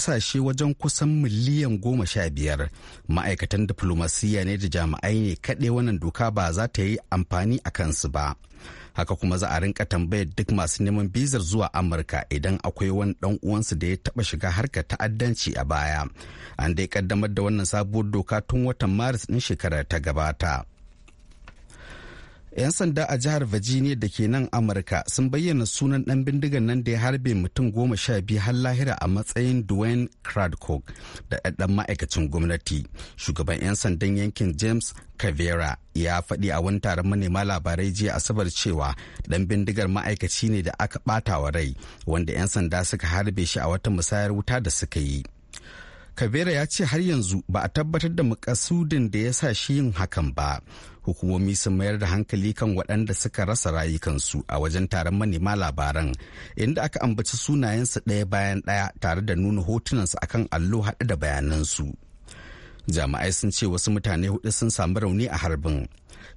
kasashe wajen kusan miliyan goma sha biyar ma'aikatan diflomasiyya ne da jami'ai ne kaɗai wannan doka ba za ta yi amfani a kansu ba haka kuma za a rinka tambayar duk masu neman bizar zuwa amurka idan akwai wani dan uwansu da ya taba shiga harka ta'addanci a baya an dai kaddamar da wannan sabuwar doka tun watan maris din shekarar ta gabata 'yan sanda a jihar virginia da ke nan amurka sun bayyana sunan dan bindigan nan da ya harbe mutum goma sha biyu har lahira a matsayin duane cradcock da ɗan ma'aikacin gwamnati shugaban 'yan sandan yankin james cavera ya faɗi a wani taron manema labarai jiya asabar cewa dan bindigar ma'aikaci ne da aka ɓata wa rai wanda 'yan sanda suka harbe shi a wata musayar wuta da suka yi kabera ya ce har yanzu ba a tabbatar da makasudin da ya sa shi yin hakan ba hukumomi sun mayar da hankali kan waɗanda suka rasa rayukansu a wajen taron manema labaran inda aka ambaci sunayensu ɗaya bayan ɗaya tare da nuna hotunansu akan allo haɗe da bayanansu jami'ai sun ce wasu mutane hudu sun sami rauni a harbin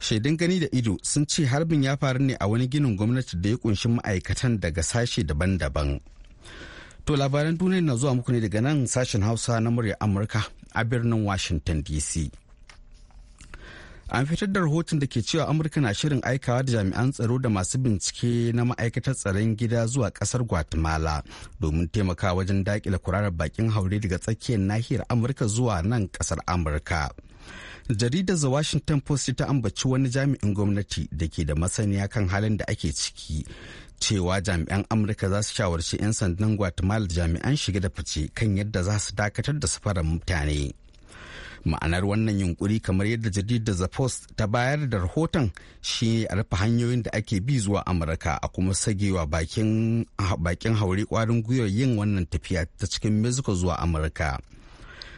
shaidun gani da ido sun ce harbin ya faru ne a wani ginin gwamnati da ya ƙunshi ma'aikatan daga sashe daban-daban To labaran duniya na zuwa muku ne daga nan sashen Hausa na murya Amurka a birnin Washington DC. An fitar da rahoton da ke cewa Amurka na shirin aikawa da jami'an tsaro da masu bincike na ma'aikatar tsaron gida zuwa kasar Guatemala domin taimaka wajen daƙile kurarar bakin haure daga tsakiyar nahiyar Amurka zuwa nan kasar Amurka. jaridar the washington post ta ambaci wani jami'in gwamnati da ke da masaniya kan halin da ake ciki cewa jami'an amurka za su shawarci 'yan sandan guatemala jami'an shige da fice kan yadda za su dakatar da safarar mutane ma'anar wannan yunkuri kamar yadda jaridar the post ta bayar da rahoton shi a rufe hanyoyin da ake bi zuwa amurka a kuma sagewa bakin haure kwarin gwiwar yin wannan tafiya ta cikin mexico zuwa amurka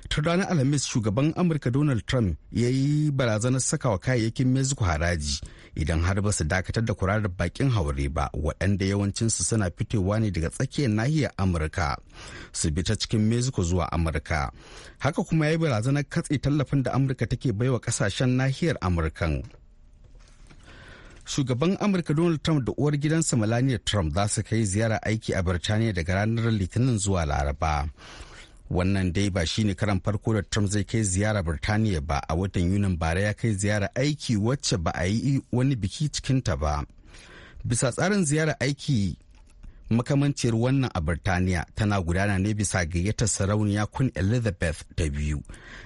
tun ranar alhamis shugaban amurka donald trump ya yi barazanar sakawa kayayyakin mexico haraji idan har ba su dakatar da kurarar bakin haure ba waɗanda yawancinsu suna fitowa ne daga tsakiyar nahiyar amurka su bi ta cikin mexico zuwa amurka haka kuma ya yi barazanar katse tallafin da amurka take baiwa kasashen nahiyar amurkan shugaban amurka donald trump da uwar gidansa melania trump za su kai ziyara aiki a birtaniya daga ranar litinin zuwa laraba wannan dai ba shine karan farko da trump zai kai ziyara birtaniya ba a watan yunin bara ya kai ziyara aiki wacce ba a yi wani biki cikinta ba bisa tsarin ziyara aiki makamanciyar wannan a birtaniya tana gudana ne bisa gayyatar sarauniya kun elizabeth ta biyu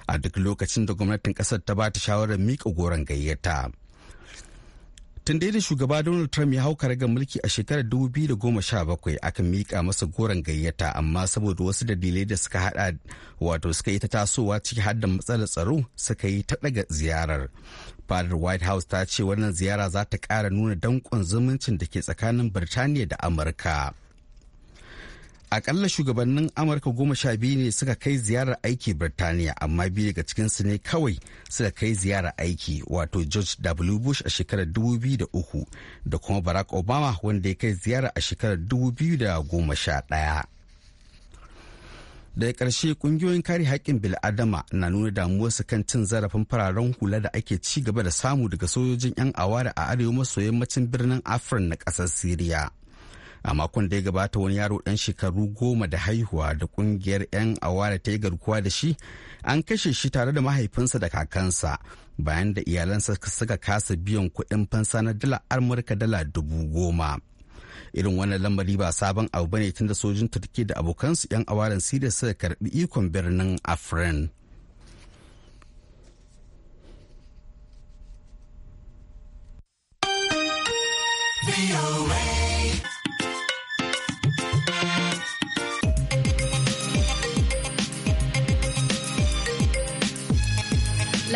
a duk lokacin da gwamnatin kasar ta ba ta shawarar miƙa goron gayyata tun dai da shugaba donald trump ya hau karagar mulki a shekarar 2017 akan miƙa masa goron gayyata amma saboda wasu dalilai da suka hada wato suka yi ta tasowa ciki har da matsalar tsaro suka yi ta daga ziyarar fadar white house ta ce wannan ziyara za ta ƙara nuna danƙon zumuncin da ke tsakanin birtaniya da amurka akalla shugabannin amurka goma sha biyu ne suka kai ziyarar aiki birtaniya amma biyu daga cikinsu ne kawai suka kai ziyarar aiki wato george w bush a shekarar 2003 da kuma barack obama wanda ya kai ziyarar a shekarar 2011 daga ƙarshe ƙungiyoyin kare haƙƙin bil'adama na nuna damuwarsu kan cin zarafin fararen hula da ake ci gaba da samu daga sojojin 'yan awara a arewa maso yammacin birnin afirin na ƙasar siriya a makon da ya gabata wani yaro dan shekaru goma da haihuwa da kungiyar 'yan awara ta yi garkuwa da shi an kashe shi tare da mahaifinsa da kakansa bayan da iyalansa suka kasa biyan kuɗin fansa na dala amurka dala dubu goma irin wannan lamari ba sabon abu bane tun da sojin turki da abokansu 'yan awaran siriya suka karbi ikon birnin afrin be away.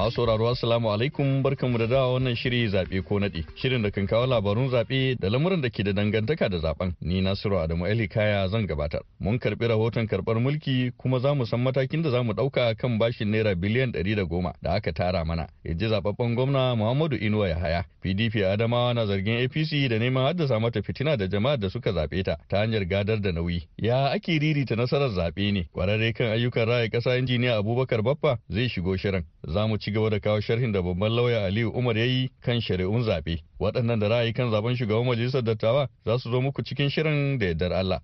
Masu sauraro Assalamu alaikum barkanmu da dawa wannan shiri zaɓe ko naɗi Shirin da kan kawo labarun zaɓe da lamuran da ke da dangantaka da zaben. Ni Nasiru Adamu Ali Kaya zan gabatar. Mun karɓi rahoton karɓar mulki kuma za mu san matakin da za mu ɗauka kan bashin naira biliyan ɗari da goma da aka tara mana. Ya ji gwamna Muhammadu Inuwa ya haya PDP Adamawa na zargin APC da neman haddasa mata fitina da jama'ar da suka zaɓe ta ta hanyar gadar da nauyi. Ya ake ririta nasarar zaɓe ne. Kwararre kan ayyukan raya kasa injiniya Abubakar Baffa zai shigo shirin. Za mu ci gaba da kawo sharhin da babban lauya Aliyu Umar ya yi kan shari'un zaɓe. Waɗannan da ra'ayi kan zaben shugaban majalisar dattawa za su zo muku cikin shirin da yardar Allah.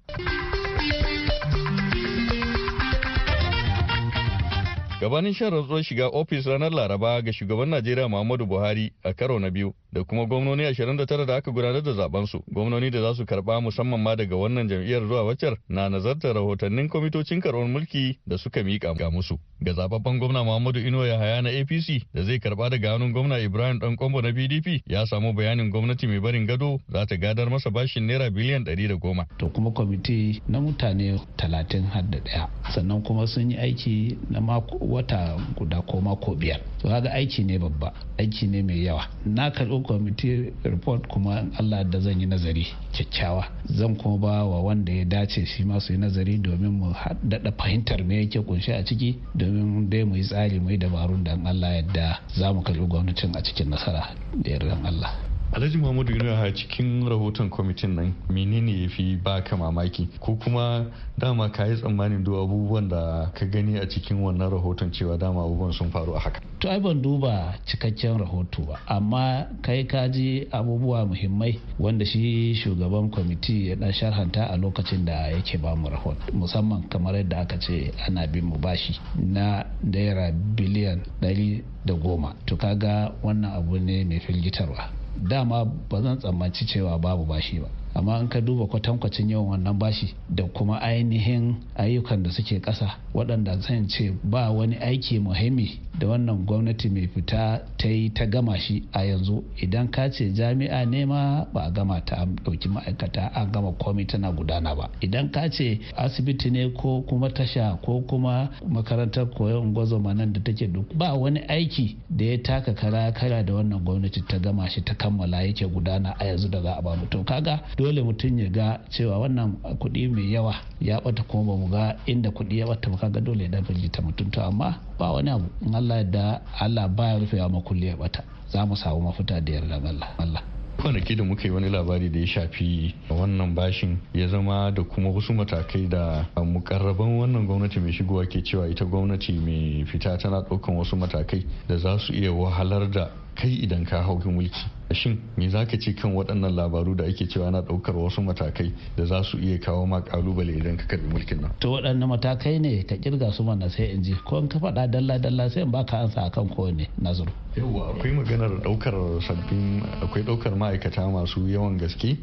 gabanin shan rantsuwar shiga ofis ranar laraba ga shugaban najeriya muhammadu buhari a karo na biyu da kuma gwamnoni 29 da aka gudanar da zabensu gwamnoni da za su karba musamman ma daga wannan jam'iyyar zuwa waccar na nazartar rahotannin kwamitocin karɓar mulki da suka miƙa ga musu ga zababben gwamna muhammadu ino haya na apc da zai karba daga hannun gwamna ibrahim dan kombo na pdp ya samu bayanin gwamnati mai barin gado za ta gadar masa bashin naira biliyan ɗari da goma. to kuma kwamiti na mutane talatin har da ɗaya sannan kuma sun yi aiki na mako wata guda ko mako biyar to kaga aiki ne babba aiki ne mai yawa na karɓi kwamiti report kuma allah da zan yi nazari kyakkyawa zan kuma ba wa wanda ya dace shi ma su yi nazari domin mu daɗa fahimtar me yake kunshi a ciki domin dai mu yi tsari mu yi dabarun da allah yadda za mu karɓi gwamnatin a cikin nasara da yardan allah alhaji muhammadu yunus cikin rahoton kwamitin nan menene ya fi baka mamaki ko kuma dama ka yi tsammanin duk abubuwan da ka gani a cikin wannan rahoton cewa dama abubuwan sun faru a haka to ai ban duba cikakken rahoto ba amma kai ka ji abubuwa muhimmai wanda shi shugaban kwamiti ya dan sharhanta a lokacin da yake ba mu rahoto musamman kamar yadda aka ce ana bin mu bashi na naira biliyan ɗari da goma to kaga wannan abu ne mai filgitarwa. dama ba zan tsammanci cewa babu bashi ba amma in ka duba kwatankwacin yawan wannan bashi da kuma ainihin ayyukan da suke kasa waɗanda zan ce ba wani aiki muhimmi da wannan gwamnati mai fita ta yi ta gama shi a yanzu idan ka ce jami'a ne ma ba a gama ta ɗauki ma'aikata a gama komai tana gudana ba idan ka ce asibiti ne ko kuma tasha ko kuma makarantar koyon ma nan da take duk ba wani aiki da ya taka kara kara da wannan gwamnati ta gama shi ta kammala yake gudana a yanzu da za a ba mutum kaga dole mutum ya ga cewa wannan kuɗi mai yawa ya ɓata kuma ba mu ga inda kuɗi ya bata ba ga dole ya dafa ta mutum to amma ba wani abu in Allah da Allah baya rufewa makulli ya bata za mu samu mafita da yarda Allah Allah kwanaki da muka yi wani labari da ya shafi wannan bashin ya zama da kuma wasu matakai da mukarraban wannan gwamnati mai shigowa ke cewa ita gwamnati mai fita tana ɗaukan wasu matakai da za su iya wahalar da kai idan ka hau mulki shin me za ka ce kan waɗannan labaru da ake cewa na ɗaukar wasu matakai da za su iya kawo ma kalubale idan ka karbi mulkin nan to waɗanne matakai ne ka kirga su mana sai in ji ko in ka faɗa dalla dalla sai in baka ansa akan kowane nazaru yawa akwai maganar ɗaukar sabbin akwai ɗaukar ma'aikata masu yawan gaske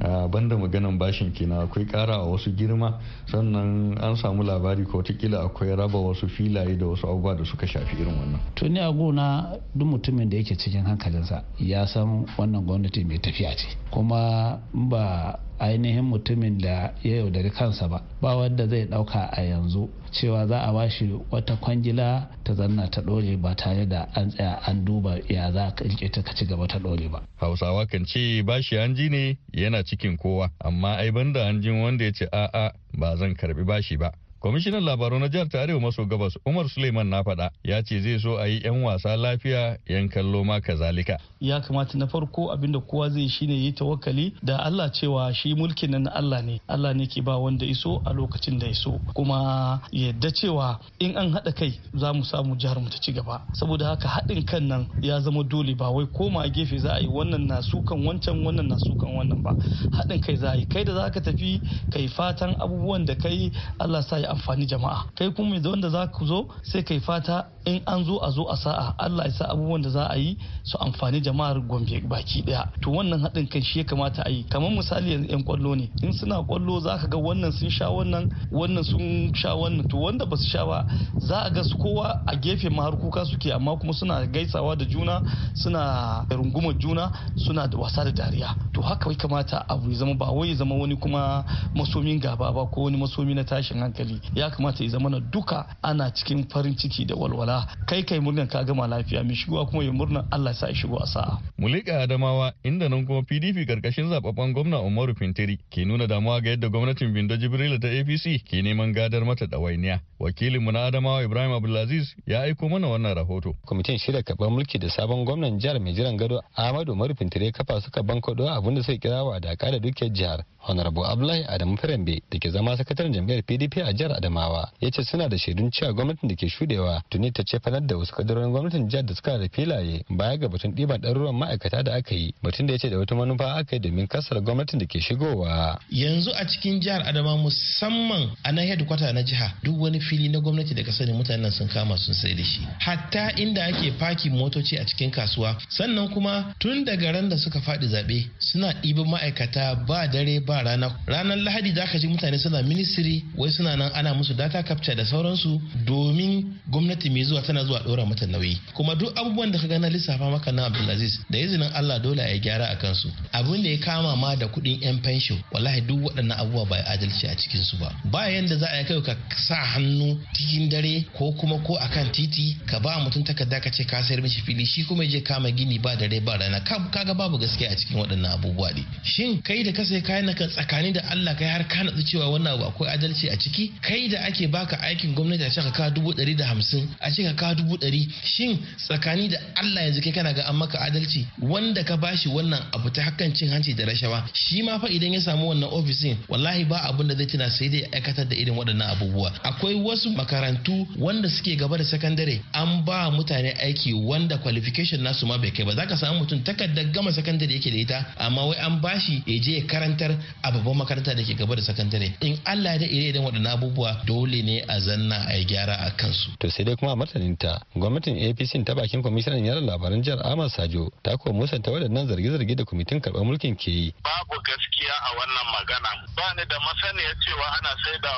ah, banda maganar bashin kenan akwai ƙara wasu girma sannan an samu labari ko watakila akwai raba wasu filaye da wasu abubuwa da suka shafi irin wannan tuni a gona duk mutumin da yake cikin hankalinsa ya san san wannan gwamnati mai tafiya ce kuma ba ainihin mutumin da ya yaudari kansa ba ba wanda zai dauka a yanzu cewa za a ba shi wata kwangila ta zanna ta dore ba tare da an tsaya an duba ya za ka ta ka ci gaba ta dore ba hausawa kan ce bashi hanji ne yana cikin kowa amma ai banda hanji wanda ya ce a'a ba zan karbi bashi ba Kwamishinan labaru na jihar ta Arewa maso gabas Umar Suleiman na faɗa ya ce zai so a yi 'yan wasa lafiya 'yan kallo ma kazalika. Ya kamata na farko abinda kowa zai shine yi tawakkali da Allah cewa shi mulkin nan Allah ne. Allah ne ke ba wanda iso a lokacin da iso. Kuma yadda cewa in an haɗa kai za mu samu jihar mu ta ci gaba. Saboda haka haɗin kan nan ya zama dole ba wai koma gefe za a yi wannan na sukan wancan wannan na sukan wannan ba. Haɗin kai za a yi kai da za ka tafi kai fatan abubuwan da kai Allah sa ya amfani jama'a kai kuma da wanda za ku zo sai kai fata in an zo a zo a sa'a Allah ya sa abubuwan da za a yi su amfani jama'ar Gombe baki daya to wannan haɗin kan shi ya kamata a yi kamar misali yanzu yan kwallo ne in suna kwallo za ka ga wannan sun sha wannan wannan sun sha wannan to wanda ba su sha ba za a ga su kowa a gefe ma har kuka suke amma kuma suna gaisawa da juna suna rungumar juna suna da wasa da dariya to haka ya kamata abu ya zama ba wai zama wani kuma masomin gaba ba ko wani masomi na tashin hankali ya kamata ya zama na duka ana cikin farin ciki da walwala kai kai murnan ka gama lafiya mai shigowa kuma ya murnan Allah sa ya shigo a sa'a. Mulika Adamawa inda nan kuma PDP karkashin zababban gwamna Umaru Fintiri ke nuna damuwa ga yadda gwamnatin Bindo jibril ta APC ke neman gadar mata ɗawainiya. Wakilinmu na Adamawa Ibrahim Abdulaziz ya aiko mana wannan rahoto. Kwamitin shirya karɓar mulki da sabon gwamnan jihar mai jiran gado Ahmadu Umaru Fintiri kafa suka bankaɗo abin da suka kira wa da dukiyar jihar. Honorable Abdullahi Adamu Firambe da ke zama sakataren jam'iyyar PDP a jihar jihar adamawa ya ce suna da shaidun cewa gwamnatin da ke shudewa tuni ta ce fanar da wasu kadarorin gwamnatin jihar da suka da filaye baya ga batun ɗiban ɗaruruwan ma'aikata da aka yi batun da ya ce da wata manufa aka yi domin kasar gwamnatin da ke shigowa. yanzu a cikin jihar adamawa musamman a na hedkwata na jiha duk wani fili na gwamnati daga kasar mutanen sun kama sun sai da shi hatta inda ake fakin motoci a cikin kasuwa sannan kuma tun daga ran da suka faɗi zaɓe suna ɗiban ma'aikata ba dare ba rana ranar lahadi za ka ji mutane suna ministry wai suna nan ana musu data capture da sauransu domin gwamnati mai zuwa tana zuwa ɗora mata nauyi kuma duk abubuwan da ka gana lissafa maka na Abdulaziz da izinin Allah dole a yi gyara a kansu abin da ya kama ma da kuɗin yan fensho wallahi duk waɗannan abubuwa ba adalci a cikin su ba ba yanda za a yi kai ka sa hannu cikin dare ko kuma ko kan titi ka ba mutum takarda ka ce ka sayar mishi fili shi kuma je kama gini ba dare ba rana kaga babu gaske a cikin waɗannan abubuwa ne shin kai da ka sai kayan tsakani da Allah kai har ka natsu cewa wannan abu akwai adalci a ciki kai da ake baka aikin gwamnati a cika ka dubu ɗari da hamsin a cika ka dubu ɗari shin tsakani da Allah yanzu kai kana ga an maka adalci wanda ka bashi wannan abu ta hakan cin hanci da rashawa shi ma fa idan ya samu wannan ofisin wallahi ba abin da zai tuna sai dai aikatar da irin waɗannan abubuwa akwai wasu makarantu wanda suke gaba da sakandare an ba mutane aiki wanda qualification nasu ma bai kai ba zaka samu mutum takardar gama sakandare yake da ita amma wai an bashi ya je ya karantar a babban makaranta da ke gaba da sakandare in Allah ya da ire idan waɗannan abubuwa abubuwa dole ne a zanna a yi gyara a kansu. To sai dai kuma a ta gwamnatin APC ta bakin kwamishinan yaran labaran jihar Ahmad Sajo ta kuma musanta waɗannan zarge-zarge da kwamitin karɓar mulkin ke yi. Babu gaskiya a wannan magana. Ba ni da masaniya cewa ana sai da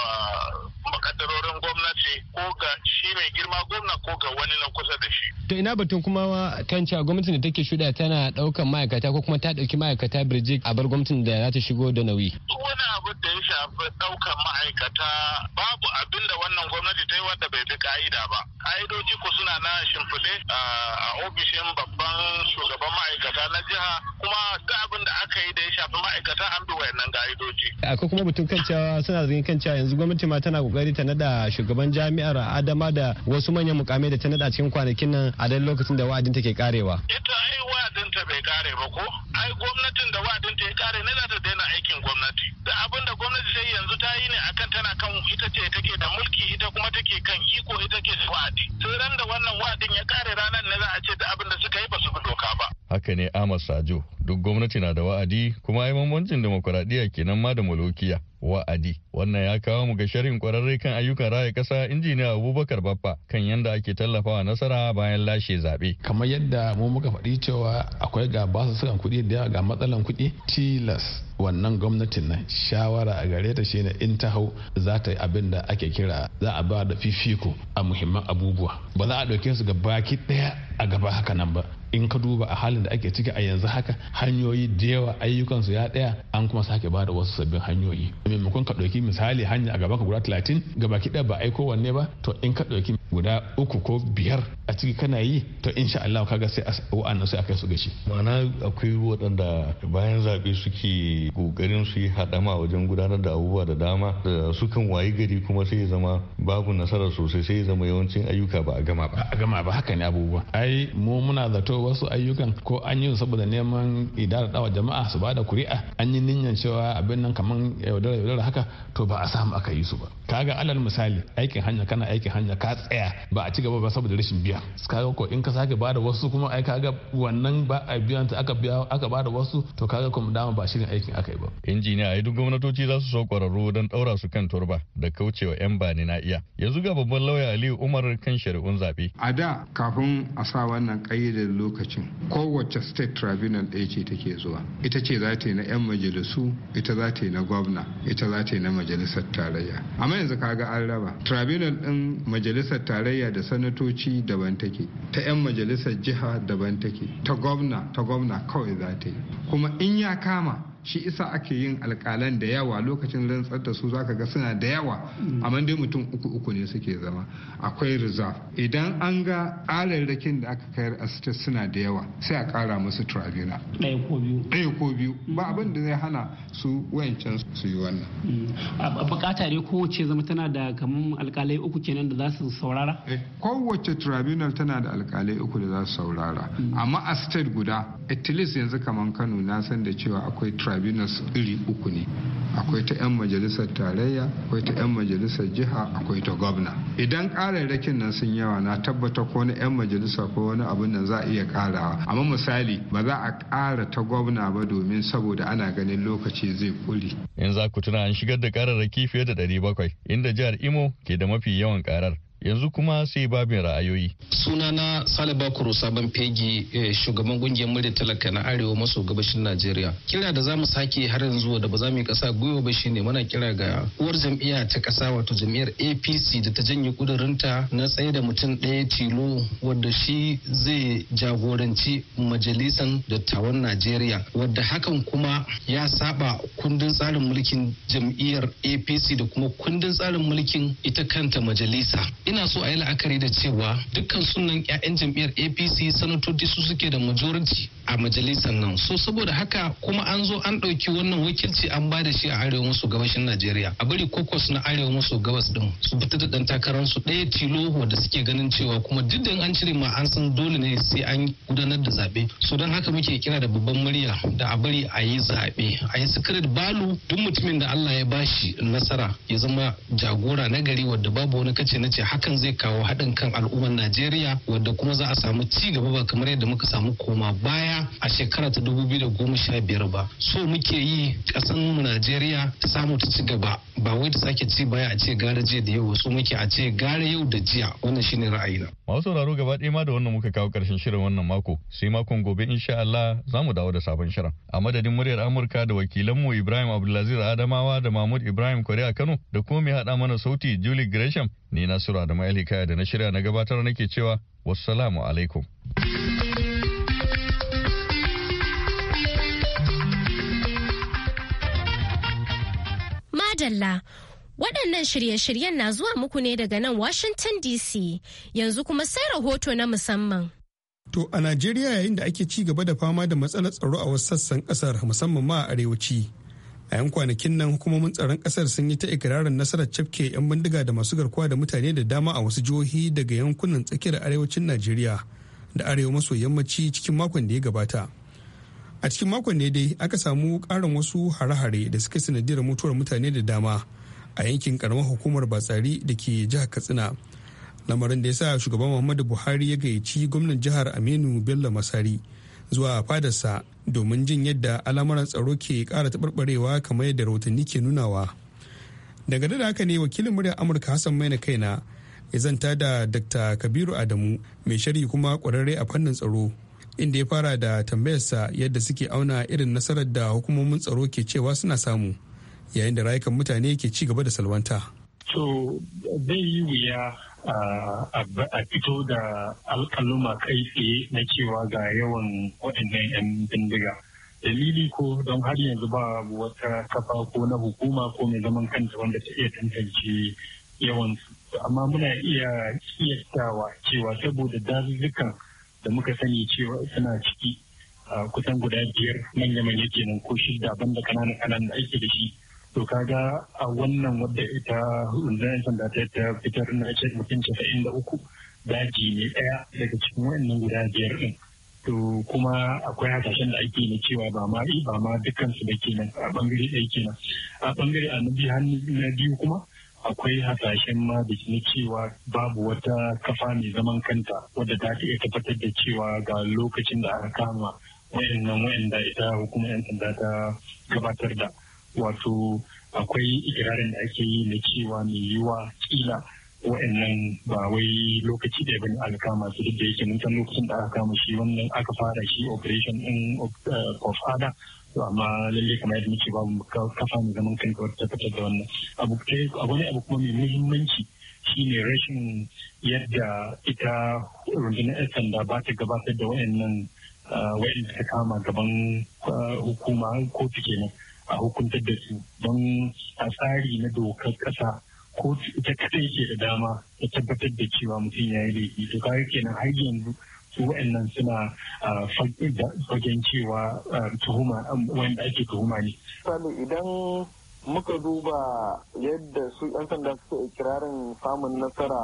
makadarorin gwamnati ko ga shi mai girma gwamna ko ga wani na kusa da shi. To ina batun kuma kan cewa gwamnatin da take shuɗa tana ɗaukan ma'aikata ko kuma ta ɗauki ma'aikata birjik a bar gwamnatin da za ta shigo da nauyi. Wani abu da ya shafi ɗaukan ma'aikata babu abin da wannan gwamnati ta yi wadda bai bi ka'ida ba ka'idoji ku suna na shimfiɗe a ofishin babban shugaban ma'aikata na jiha kuma duk abin da aka yi da ya shafi ma'aikata an bi wayannan ka'idoji akwai kuma mutum kan cewa suna zargin kan cewa yanzu gwamnati ma tana kokari ta nada shugaban jami'ar adama da wasu manyan mukamai da ta nada cikin kwanakin nan a dan lokacin da wa'adin ke karewa ita ai wa'adin ta bai kare ba ko ai gwamnatin da wa'adin ta ya kare ne zata daina aikin gwamnati da abin da gwamnati ta yanzu ta yi ne akan tana kan ita ce take da mulki ita kuma take kan iko ita ke wa'adi sai ran da wannan wa'adin ya kare ranar ne za a ce da abin da suka yi ba su bi doka ba haka ne Ahmad Sajo duk gwamnati na da wa'adi kuma ai bambancin demokuraɗiyya kenan ma da malokiya wa'adi wannan ya kawo mu ga sharhin kwararre kan ayyukan raya ƙasa injiniya Abubakar Baffa kan yadda ake tallafawa nasara bayan lashe zaɓe. kamar yadda mu muka faɗi cewa akwai ga basu sukan kuɗi da yawa ga matsalan kuɗi tilas wannan gwamnatin na shawara a gare ta shine in ta hau za ta yi abin da ake kira za a ba da fifiko a muhimman abubuwa ba za a ɗauke su ga baki ɗaya a gaba haka nan ba in ka duba a halin da ake ciki a yanzu haka hanyoyi da yawa ayyukansu ya daya an kuma sake ba da wasu sabbin hanyoyi maimakon ka ɗauki misali hanya a gaba ka guda talatin gaba ɗaya ba aiko wanne ba to in ka ɗauki guda uku ko biyar a ciki kana yi to insha Allah kaga sai wa'annan sai aka su gashi ma'ana akwai waɗanda bayan zaɓe suke ƙoƙarin su yi haɗama wajen gudanar da abubuwa da dama da sukan wayi gari kuma sai ya zama babu nasara sosai sai ya zama yawancin ayyuka ba a gama ba a gama ba haka ne abubuwa ai mu muna zato wasu ayyukan ko an yi saboda neman idara dawa jama'a su bada kuri'a an yi niyyar cewa abin nan kaman yaudara yaudara haka to ba a samu aka yi su ba kaga alal misali aikin hanya kana aikin hanya ka tsaya ba a ci gaba ba saboda rashin biya kaga ko in ka sake bada wasu kuma ai kaga wannan ba a biyan ta aka biya aka bada wasu to kaga kuma dama ba shirin aikin aka yi ba injiniya ai duk gwamnatoci za su so kwararru don daura su kan turba da kaucewa yan bani na iya yanzu ga babban lauya Aliyu Umar kan shari'un zabe a da kafin a sa wannan lokaci. lokacin kowace state tribunal ɗaya ce take zuwa ita ce za ta yi na 'yan majalisu ita za ta yi na gwamna ita za ta yi na majalisar tarayya amma yanzu kaga an raba tribunal ɗin majalisar tarayya da sanatoci daban take ta 'yan majalisar jiha daban take ta gwamna ta gwamna kawai za ta yi kuma in ya kama shi isa ake yin alkalan da yawa lokacin rantsar da su zaka ga suna da yawa mm. amma dai mutum uku uku ne suke zama akwai reserve idan an ga ƙararrakin da aka kayar a state suna da yawa sai a ƙara musu tribunal ɗaya ko biyu ɗaya ko biyu mm. ba abin da zai hana su wayancan su yi wannan mm. a bukata ne kowace zama tana da kamar alkalai uku kenan da za su saurara eh, kowace tribunal tana da alkalai uku da za su saurara amma a state guda at least yanzu kamar Kano na san da cewa akwai tribunals iri uku ne akwai ta 'yan majalisar tarayya akwai ta 'yan majalisar jiha akwai ta gwamna idan ƙararrakin nan sun yawa na tabbata ko wani 'yan majalisa ko wani abin nan za a iya ƙarawa amma misali ba za a kara ta gwamna ba domin saboda ana ganin lokaci zai kuli yanzu ku tuna an shigar da kararraki fiye da 700 inda jihar imo ke da mafi yawan karar. yanzu kuma sai babin ra'ayoyi. sunana saliba Bakuru sabon fegi eh, shugaban kungiyar murya talaka na arewa maso gabashin najeriya kira da za mu sake har yanzu da ba za mu yi kasa gwiwa ba shine muna kira ga uwar jam'iyya ta kasa wato jam'iyyar apc da ta janye kudurinta na tsaye da mutum ɗaya tilo wadda shi zai jagoranci majalisan dattawan najeriya wadda hakan kuma ya saba kundin tsarin mulkin jam'iyyar apc da kuma kundin tsarin mulkin ita kanta majalisa ina so a yi la'akari da cewa dukkan sunan 'ya'yan jam'iyyar apc sanatoci su suke da majority a majalisar nan so saboda haka kuma an zo an ɗauki wannan wakilci an ba da shi a arewa maso gabashin najeriya a bari kokos na arewa maso gabas din su fita da ɗan takarar su ɗaya tilo da suke ganin cewa kuma duk da an cire ma an san dole ne sai an gudanar da zaɓe so don haka muke kira da babban murya da a bari a yi zaɓe a yi sikirit balu duk mutumin da allah ya bashi nasara ya zama jagora na gari wadda babu wani kace na ce haka hakan zai kawo haɗin kan al'ummar najeriya wadda kuma za a samu ci gaba ba kamar yadda muka samu koma baya a shekara ta dubu da biyar ba so muke yi ƙasan mu najeriya ta samu ta ci gaba ba wai ta sake ci baya a ce gara jiya da yau so muke a ce gara yau da jiya wannan shine ra'ayina masu sauraro gaba ɗaya ma da wannan muka kawo ƙarshen shirin wannan mako sai makon gobe insha Allah za mu dawo da sabon shirin a madadin muryar Amurka da wakilanmu Ibrahim Abdulaziz Adamawa da Mahmud Ibrahim Kore a Kano da kuma mai haɗa mana sauti Julie Gresham Ni Nasiru Adamu Alhikaya da na shirya na gabatar nake cewa wassalamu alaikum. Madalla Waɗannan shirye-shiryen na zuwa muku ne daga nan Washington DC yanzu kuma sai rahoto na musamman. To a Najeriya yayin da ake ci gaba da fama da matsalar tsaro a wasu sassan ƙasar musamman ma a arewaci. a yan kwanakin nan hukumomin tsaron kasar sun yi ta ikirarin nasarar cafke 'yan bindiga da masu garkuwa da mutane da dama a wasu jihohi daga yankunan tsakiyar arewacin najeriya da arewa maso yammaci cikin makon da ya gabata a cikin makon ne dai aka samu karin wasu hare-hare da suka sanadiyar mutuwar mutane da dama a yankin karamar hukumar batsari da ke jihar katsina lamarin da ya sa shugaban muhammadu buhari ya gayyaci gwamnan jihar aminu bello masari zuwa fadarsa domin jin yadda al'amuran tsaro ke kara taɓarɓarewa kamar yadda rahotanni ke nunawa daga da haka ne wakilin muryar amurka hassan maina na ya zanta da dr kabiru adamu mai sharhi kuma ƙwararre a fannin tsaro inda ya fara da tambayarsa yadda suke auna irin nasarar da hukumomin tsaro ke cewa suna samu yayin da rayukan mutane ke ci gaba da salwanta. to zai yi wuya a fito da alkaluma kai tsaye na cewa ga yawan waɗannan 'yan bindiga. Dalili ko don har yanzu ba wata kafa ko na hukuma ko mai zaman kanta wanda ta iya tantance yawan amma muna iya kiyastawa cewa saboda dazuzzukan da muka sani cewa suna ciki kusan guda biyar manya-manya kenan ko shida banda kananan kanan da ake da shi to kaga a wannan wadda ita rundunar sanda ta ta fitar na ce mutum casa'in da uku daji ne ɗaya daga cikin wannan guda biyar ɗin to kuma akwai hasashen da ake na cewa ba ma ba ma dukkan su da kenan a bangare ɗaya kenan a bangare a na biyu kuma akwai hasashen ma da na cewa babu wata kafa mai zaman kanta wadda ta iya tabbatar da cewa ga lokacin da aka kama wayannan wayanda ita hukumar 'yan sanda ta gabatar da wato akwai ikirarin da ake yi na cewa mai yiwa kila wa'annan ba wai lokaci da bane aka kama su duk da yake mun san lokacin da aka kama shi wannan aka fara shi operation in uh, of ada to amma lalle kamar yadda muke babu kafa mu zaman kanka wata tabbatar da wannan abu abu ne abu kuma mai muhimmanci shine rashin yadda ita rundunar 'yan sanda ba ta gabatar da wa'annan uh, wa'anda ta kama gaban uh, hukuma kotu kenan a hukuntar da su don a tsari na dokar kasa ko ita kadai ke da dama ta tabbatar da cewa mutum ya yi laifi to kawai kenan har yanzu su wa'annan suna fagen cewa tuhuma wanda ake tuhuma ne. Misali idan muka duba yadda su 'yan sanda suke ikirarin samun nasara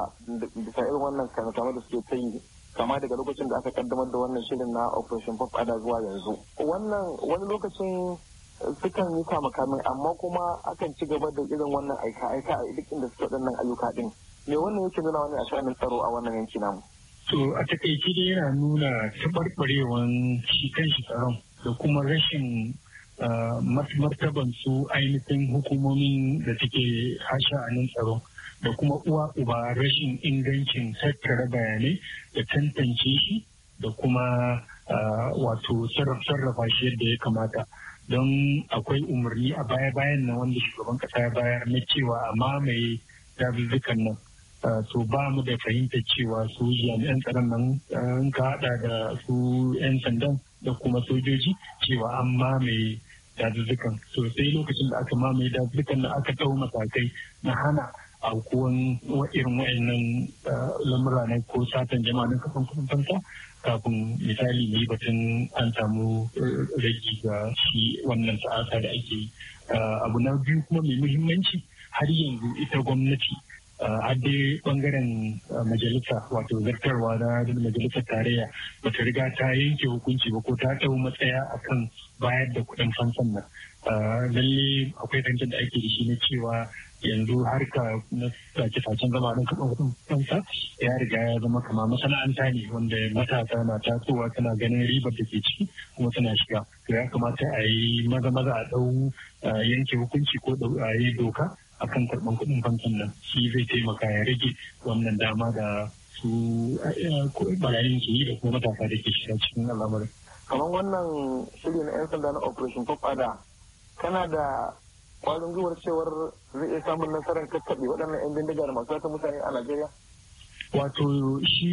bisa irin wannan kame da suke yi kama daga lokacin da aka kaddamar da wannan shirin na operation pop ada zuwa yanzu wannan wani lokacin sukan yi kamakamin amma kuma akan ci gaba da irin wannan aika aika a duk inda suke waɗannan ayyuka din me wannan yake nuna wani a sha'anin tsaro a wannan yanki namu to a takaice dai yana nuna taɓarɓarewan shi kanshi tsaron da kuma rashin ah, martaban su ainihin hukumomin da suke sha'anin tsaro da kuma uwa uba rashin ingancin tattara bayanai da tantance shi da kuma ah, wato sarrafa shi yadda ya kamata don akwai umarni a baya-bayan nan wanda shugaban kasa ya bayar na cewa a mamaye dazuzzukan nan ah, to ba mu da fahimtar cewa su jami'an tsaron nan an ah, ka hada da su 'yan sandan da kuma sojoji cewa an mamaye dazuzzukan sai lokacin da aka mamaye dazuzzukan na aka dau matakai na hana aukuwan irin wa'annan ah, lamura na ko satan jama'a na kafin kudin kafin misali ne batun an samu eh, ragi ga shi wannan sa'asa da ake yi ah, abu na biyu kuma mai muhimmanci har yanzu ita gwamnati A ah, dai bangaren ah, majalisa wato zartarwa na majalisar tarayya ba ta riga ta yanke hukunci ba ko ta ɗau matsaya akan bayar da kuɗin fansan nan lalle akwai tantan da ake da shi na cewa yanzu harka na sace-sacen zama na kuɗin kansa ya riga ya zama kama masana'anta ne wanda matasa na tasowa tana ganin ribar da ke ciki kuma tana shiga to ya kamata a yi maza-maza a ɗau yanke hukunci ko a yi doka a kan karɓan kuɗin fansan nan shi zai taimaka ya rage wannan dama da su ɓarayin su yi da kuma matasa da ke shiga cikin al'amarin. kamar wannan shirin na 'yan sanda na operation pop kana da kwarin gwiwar cewar zai iya samun nasarar kakkaɓe waɗannan 'yan bindiga da masu wata mutane a Najeriya? Wato shi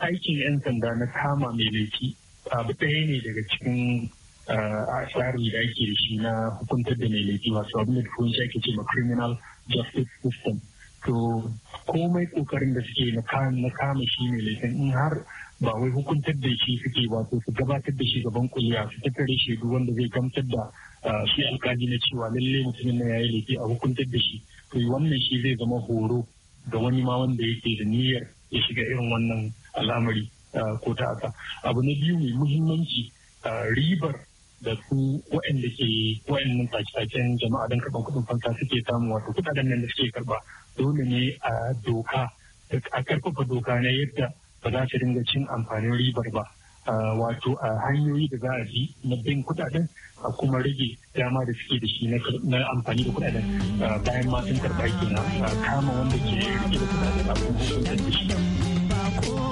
aikin 'yan sanda na kama mai laifi abu ɗaya ne daga cikin ah, a tsari da ake da shi na hukuntar da mai laifi wato abin da turanci ake ce ma criminal justice system. To komai kokarin da suke na kama shi mai laifin in har ba wai hukuntar da shi suke wato su gabatar da shi gaban kuliya su tattare shaidu wanda zai gamsar da Ah, shi alkali na cewa lalle mutumin na yayi laifi a hukuntar da shi to wannan shi zai zama horo ga wani ma wanda yake da niyyar ya shiga irin wannan al'amari ah, ko ta haka abu na biyu mai muhimmanci ah, ribar da su waɗanda ke waɗannan tace-tacen jama'a don karɓar kuɗin fanka suke samu wato kuɗaɗen nan da suke karɓa dole ne a doka a karfafa doka na yadda ba za su dinga cin amfanin ribar ba wato a hanyoyi da za a bi na bin kudaden a kuma rage dama da suke da shi na amfani da kudaden bayan ma sun karɓa kenan kama wanda ke rike da kudaden a kuma hukuntar da shi.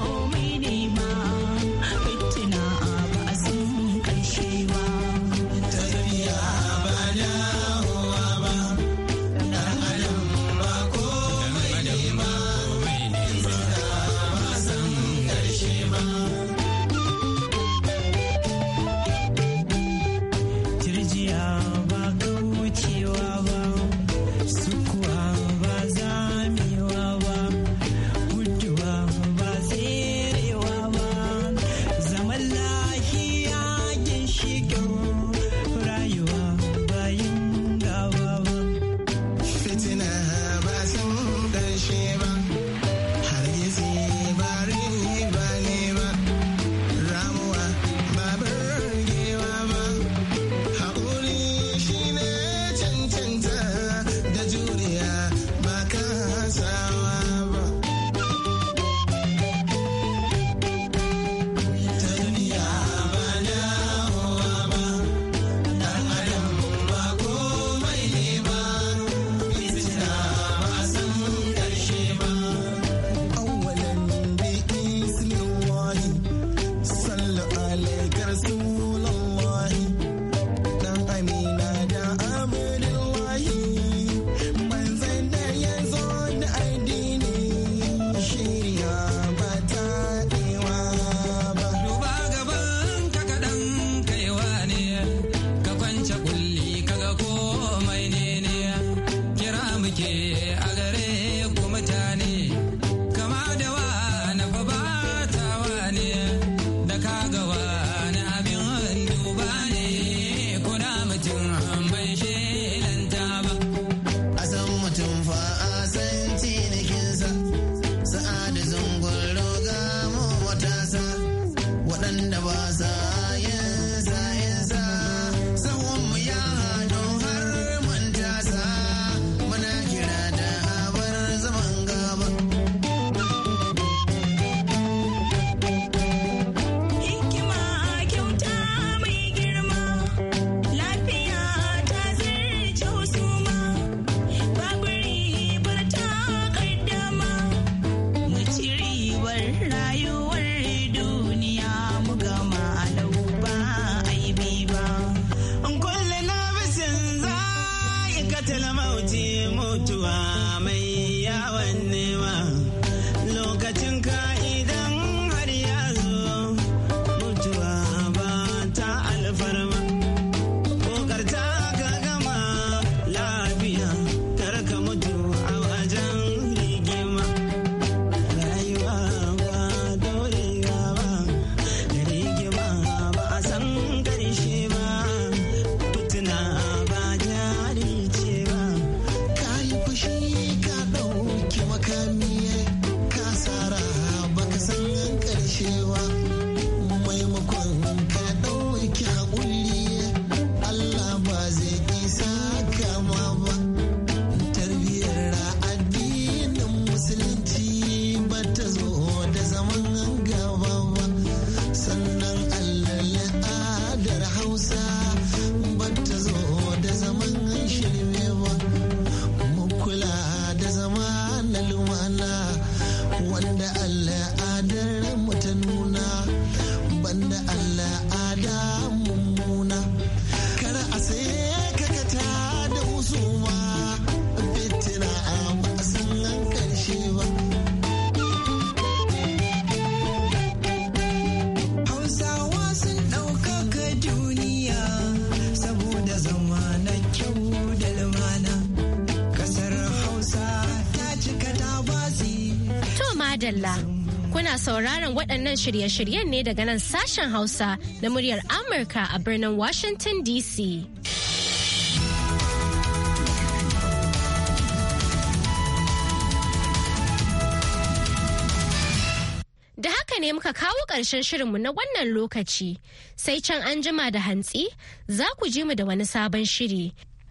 rayuwa waɗannan shirye-shiryen ne daga nan sashen Hausa na muryar Amurka a birnin Washington DC. Da haka ne muka kawo ƙarshen shirinmu na wannan lokaci, sai can anjima da hantsi za ku ji mu da wani sabon shiri.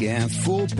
weekend full